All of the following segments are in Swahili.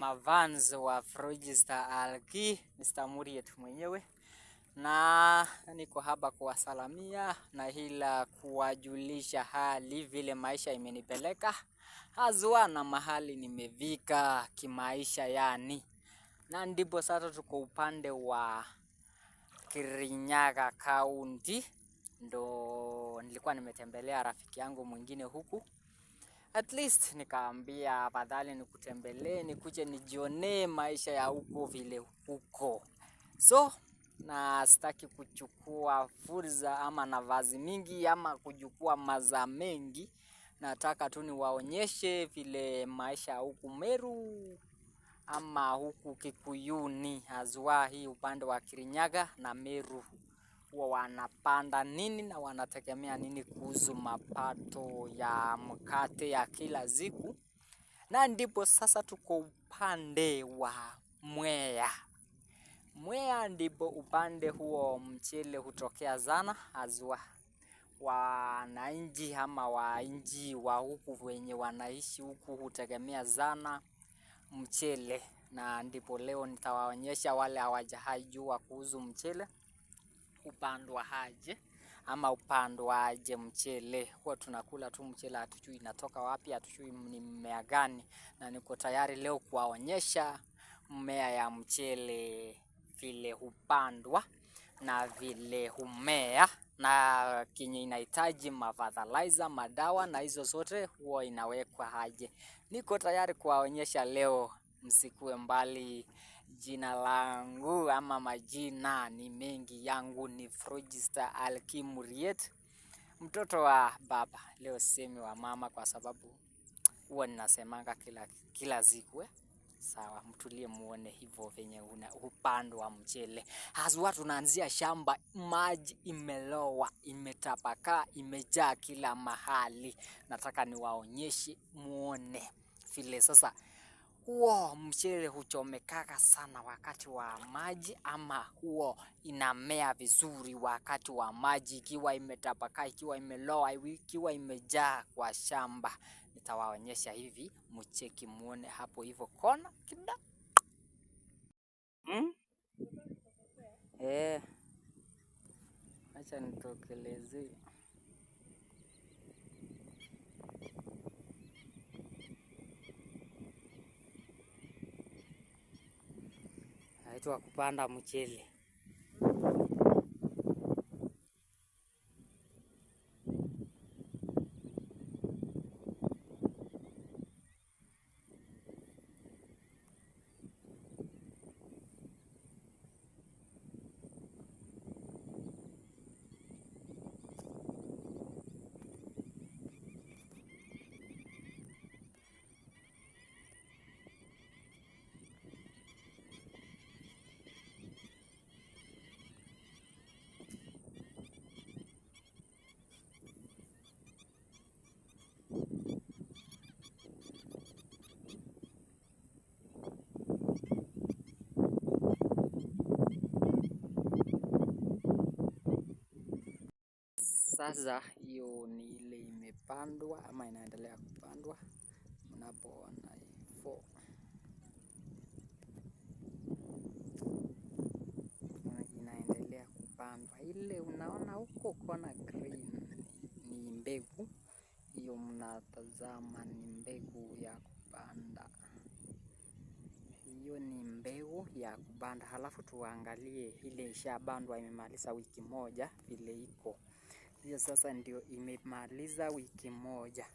mavans wa Frogstar Alki, Mr. Muriet mwenyewe, na niko hapa kuwasalamia na ila kuwajulisha hali vile maisha imenipeleka hazwa na mahali nimevika kimaisha yani, na ndipo sasa tuko upande wa Kirinyaga County, ndo nilikuwa nimetembelea rafiki yangu mwingine huku At least nikaambia afadhali nikutembelee, nikuje nijionee maisha ya huko vile huko. So na sitaki kuchukua fursa ama nafasi mingi ama kuchukua maza mengi, nataka tu niwaonyeshe vile maisha huku Meru ama huku Kikuyuni, haswa hii upande wa Kirinyaga na Meru wanapanda nini na wanategemea nini kuhusu mapato ya mkate ya kila siku. Na ndipo sasa tuko upande wa Mwea. Mwea ndipo upande huo mchele hutokea sana haswa wananchi ama wa wa huku wenye wanaishi huku hutegemea sana mchele, na ndipo leo nitawaonyesha wale hawajajua kuhusu mchele upandwa haje ama aje mchele. Huwa tunakula tu mchele, hatujui inatoka wapi, hatujui ni mmea gani, na niko tayari leo kuwaonyesha mmea ya mchele vile hupandwa na vile humea na kinye inahitaji mafadhalaiza madawa na hizo zote huwa inawekwa haje. Niko tayari kuwaonyesha leo msikuwe mbali. Jina langu ama majina ni mengi, yangu ni Frogistar Alkimuriet, mtoto wa baba, leo sisemi wa mama kwa sababu huwa ninasemanga kila, kila siku eh? Sawa, mtulie muone hivyo venye una upando wa mchele haswa. Tunaanzia shamba, maji imelowa, imetapakaa, imejaa kila mahali. Nataka niwaonyeshe muone vile sasa huo mchele huchomekaka sana wakati wa maji, ama huo inamea vizuri wakati wa maji, ikiwa imetapakaa, ikiwa imeloa, ikiwa imejaa kwa shamba. Nitawaonyesha hivi, mcheki muone hapo hivyo kona kida mm? Eh, acha nitokelezee. wakati wa kupanda mchele. Sasa hiyo ni ile imepandwa ama inaendelea kupandwa mnapoona hivo Inaendelea kupandwa ile unaona huko kona green ni mbegu, hiyo mnatazama ni mbegu ya kupanda. Hiyo ni mbegu ya kupanda, halafu tuangalie ile ishabandwa imemaliza wiki moja vile iko hiyo sasa ndio imemaliza wiki moja.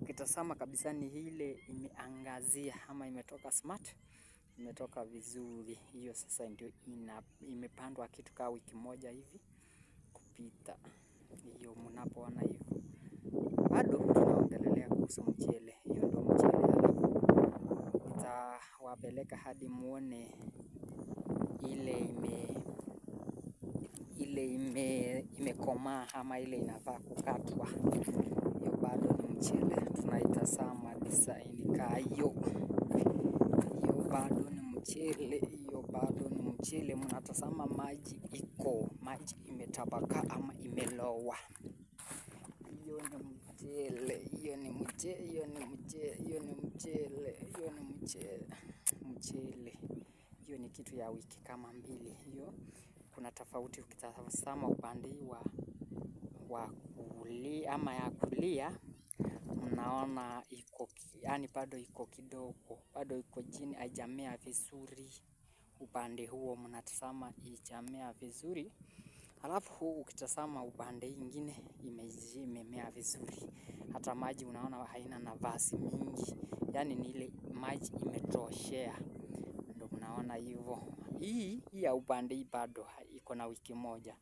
Ukitazama kabisa ni ile imeangazia ama imetoka smart, imetoka vizuri. Hiyo sasa ndio ina, imepandwa kitu kaa wiki moja hivi kupita, hiyo mnapoona hivyo. Bado tunaongelelea kuhusu mchele, hiyo ndio mchele. itawapeleka hadi muone ile ime ile ime imekomaa ama ile inafaa kukatwa. Hiyo bado ni mchele, tunaitazama design ka Hiyo bado ni mchele, hiyo bado ni mchele. Mnatazama maji iko, maji imetabaka ama imelowa. Hiyo ni mchele, hiyo ni mchele, hiyo ni mchele, hiyo ni mchele, hiyo ni mchele. kuna tofauti ukitazama upande wa, wa kulia ama ya kulia mnaona iko yani, bado iko kidogo, bado iko chini, haijamea vizuri. Upande huo mnatazama ijamea vizuri, alafu huu ukitazama upande ingine imemea vizuri, hata maji unaona haina nafasi mingi, yani ni ile maji imetoshea, ndio mnaona hivyo. Hii hii ya upande hii bado iko na wiki moja,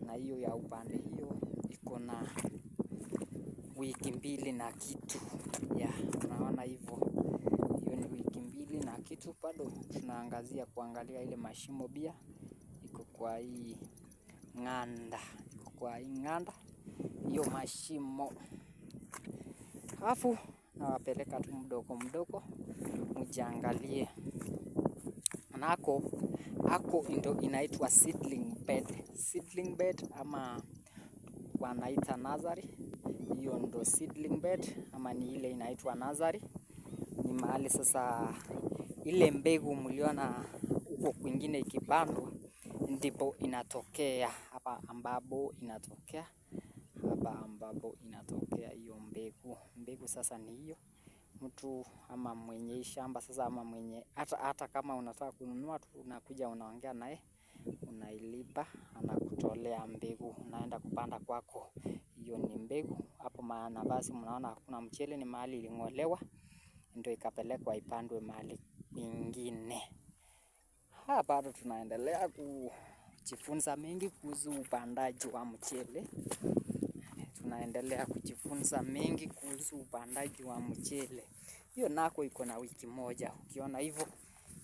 na hiyo ya upande hiyo iko na wiki mbili na kitu ya unaona hivyo, hiyo ni wiki mbili na kitu. Bado tunaangazia kuangalia ile mashimo bia iko kwa hii ng'anda, iko kwa hii ng'anda, hiyo mashimo alafu nawapeleka tu mdogo mdogo, mujiangalie na hako hako ndo inaitwa seedling bed. Seedling bed ama wanaita nazari, hiyo ndo seedling bed ama ni ile inaitwa nazari. Ni mahali sasa ile mbegu mliona huko kwingine ikipandwa ndipo inatokea hapa, ambapo inatokea hapa, ambapo inatokea hiyo mbegu. Mbegu sasa ni hiyo mtu ama mwenye shamba sasa, ama mwenye hata hata kama unataka kununua tu, unakuja unaongea naye, unailipa, anakutolea mbegu, unaenda kupanda kwako. Hiyo ni mbegu hapo. Maana basi, mnaona hakuna mchele, ni mahali iling'olewa ndio ikapelekwa ipandwe mahali kwingine. Ha, bado tunaendelea kujifunza mengi kuhusu upandaji wa mchele tunaendelea kujifunza mengi kuhusu upandaji wa mchele. Hiyo nako iko na wiki moja. Ukiona hivyo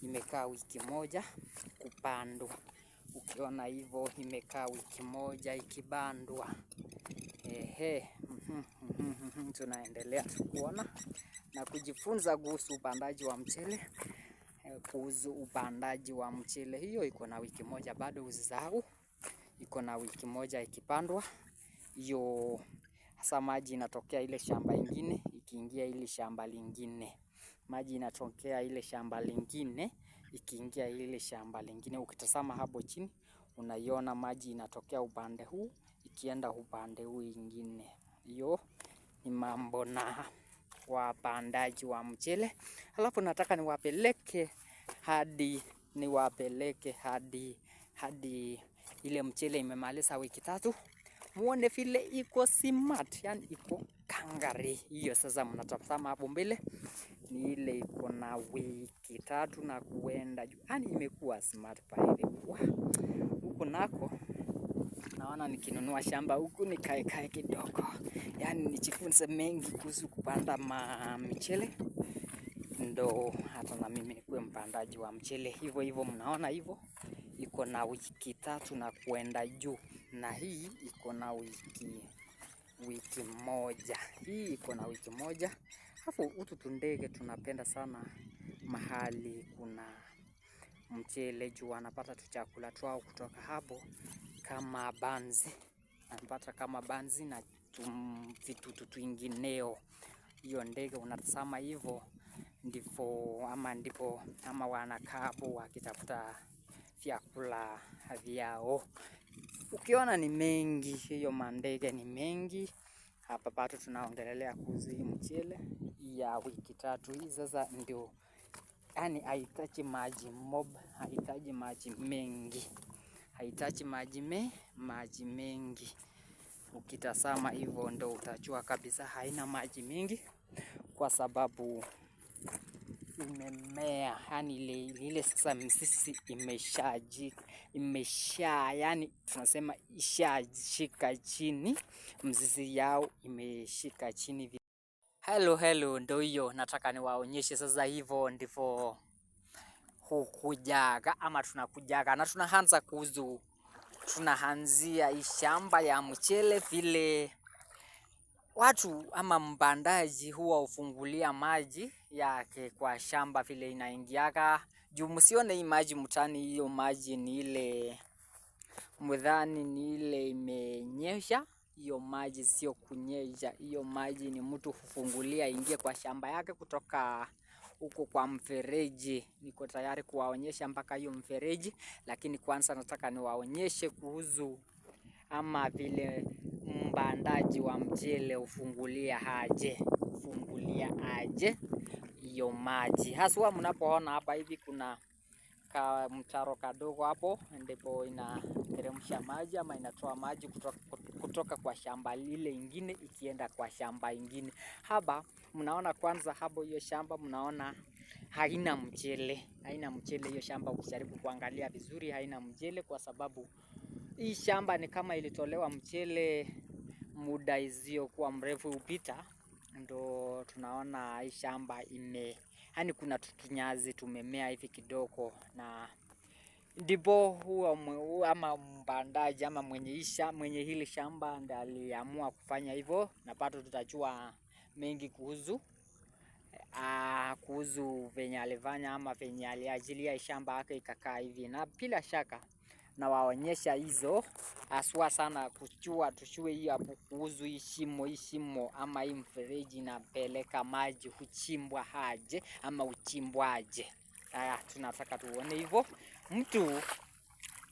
imekaa wiki moja kupandwa. Ukiona hivyo imekaa wiki moja ikibandwa. Ehe, mhm, mhm, mhm, tunaendelea kuona na kujifunza kuhusu upandaji wa mchele kuhusu upandaji wa mchele hiyo iko na wiki moja bado, usisahau iko na wiki moja ikipandwa hiyo hasa maji inatokea ile shamba ingine ikiingia ile shamba lingine, maji inatokea ile shamba lingine ikiingia ile shamba lingine. Ukitazama hapo chini unaiona maji inatokea upande huu ikienda upande huu ingine. Hiyo ni mambo na wapandaji wa mchele. Alafu nataka niwapeleke hadi niwapeleke hadi hadi ile mchele imemaliza wiki tatu muone vile iko smart, yani iko kangari hiyo. Sasa mnatazama hapo mbele ni ile iko na wiki tatu na kuenda juu, yani imekuwa smart pale. Huku nako naona nikinunua shamba huku nikaekae kidogo, yani nijifunze mengi kuhusu kupanda mchele ndo hata na mimi nikuwe mpandaji wa mchele hivyo hivyo, mnaona hivyo iko na wiki tatu na kuenda juu, na hii iko na wiki wiki moja, hii iko na wiki moja. Alafu utu tundege tunapenda sana mahali kuna mchele juu anapata tu chakula twao kutoka hapo, kama banzi anapata kama banzi na vitutu twingineo. Hiyo ndege unatazama hivyo ndipo ama ndipo ama wanakaa hapo wakitafuta vyakula vyao. Ukiona ni mengi, hiyo mandege ni mengi hapa. Bado tunaongelelea kuhusu hii mchele ya wiki tatu hii, sasa ndio yani, haihitaji maji mob, haitaji maji mengi, haitaji maji me, maji mengi. Ukitazama hivyo ndo utajua kabisa haina maji mengi kwa sababu imemea, yani ile ile sasa mzizi imeshajika, imesha yani tunasema ishashika chini, mzizi yao imeshika chini. Hello, hello, ndo hiyo nataka niwaonyeshe sasa. Hivyo ndivyo hukujaga ama tunakujaga na tunaanza kuzu, tunaanzia ishamba ya mchele vile Watu ama mpandaji huwa ufungulia maji yake kwa shamba vile inaingiaka juu msione hii maji mtani, hiyo maji ni ile mudhani, ni ile imenyesha. Hiyo maji sio kunyesha, hiyo maji ni mtu hufungulia ingie kwa shamba yake kutoka huko kwa mfereji. Niko tayari kuwaonyesha mpaka hiyo mfereji, lakini kwanza nataka niwaonyeshe kuhusu ama vile mbandaji wa mchele ufungulia aje, ufungulia aje hiyo maji haswa. Mnapoona hapa hivi kuna ka mtaro kadogo hapo, ndipo inateremsha maji ama inatoa maji kutoka, kutoka kwa shamba lile ingine ikienda kwa shamba ingine. Hapa mnaona kwanza, hapo hiyo shamba mnaona haina mchele, haina mchele hiyo shamba. Ukijaribu kuangalia vizuri, haina mchele kwa sababu hii shamba ni kama ilitolewa mchele muda isiyokuwa mrefu upita, ndo tunaona hii shamba ime, yani kuna tukinyazi tumemea hivi kidogo, na ndipo huwa ama mpandaji ama mwenye isha, mwenye hili shamba ndiye aliamua kufanya hivyo, na bado tutajua mengi kuhusu Ah, kuhusu venye alifanya ama venye aliajilia shamba yake ikakaa hivi, na bila shaka nawaonyesha hizo aswa sana kuchua tushue hii hapo kuhusu hii shimo hii shimo ama hii mfereji inapeleka maji huchimbwa haje ama uchimbwaje. Haya, tunataka tuone hivyo mtu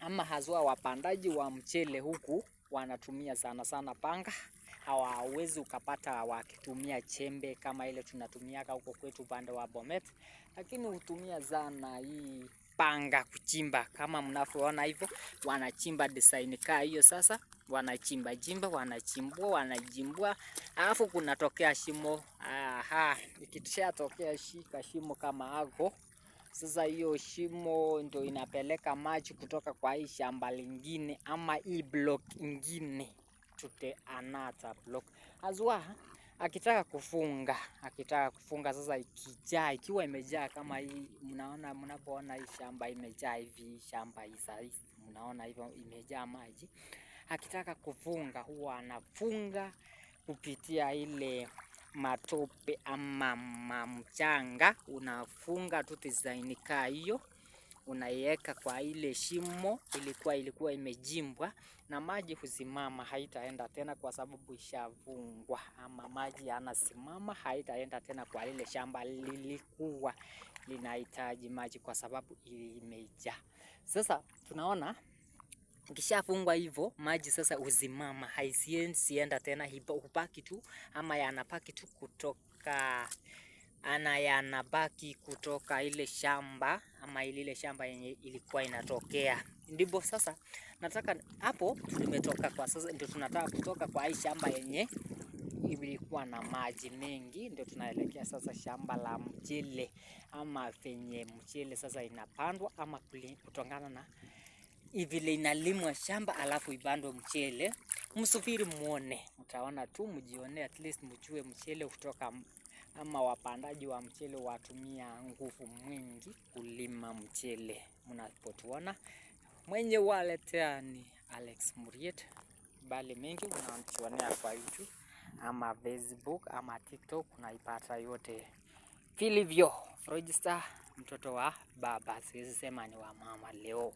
ama hazwa wapandaji wa mchele huku wanatumia sana sana panga hawawezi ukapata wakitumia chembe kama ile tunatumiaka huko kwetu upande wa Bomet, lakini hutumia sana hii wanapanga kuchimba, kama mnavyoona hivyo, wanachimba design kaa hiyo. Sasa wanachimba jimba, wanachimbua, wanajimbua, alafu kunatokea shimo. Aha, ikishatokea shika shimo kama hago sasa hiyo shimo ndio inapeleka maji kutoka kwa hii shamba lingine ama hii block ingine tute the block azwa akitaka kufunga akitaka kufunga sasa, ikijaa ikiwa imejaa kama hii, mnaona mnapoona hii shamba imejaa hivi, shamba hii sahihi, mnaona hivyo imejaa maji. Akitaka kufunga huwa anafunga kupitia ile matope ama mchanga, unafunga tu design kaa hiyo unaiweka kwa ile shimo ilikuwa ilikuwa imejimbwa na maji husimama, haitaenda tena kwa sababu ishavungwa, ama maji yanasimama, haitaenda tena kwa lile shamba lilikuwa linahitaji maji kwa sababu imejaa. Sasa tunaona kishafungwa hivyo maji sasa uzimama, haisienda tena, hubaki tu ama yanapaki tu kutoka ana yanabaki kutoka ile shamba ama ile shamba yenye ilikuwa inatokea. Ndipo sasa nataka hapo tumetoka kwa sasa, ndio tunataka kutoka kwa hii shamba yenye ilikuwa na maji mengi, ndio tunaelekea sasa shamba la mchele ama venye mchele sasa inapandwa ama kutongana na ivile inalimwa shamba alafu ibandwe mchele. Msubiri muone, mtaona tu, mjione, at least mjue mchele kutoka ama wapandaji wa mchele watumia nguvu mwingi kulima mchele. Mnapotuona mwenye waletea ni Alex Muriet, bali mengi unamtuonea kwa YouTube ama Facebook ama TikTok, unaipata yote vilivyo. Register mtoto wa baba, siwezi sema ni wa mama leo.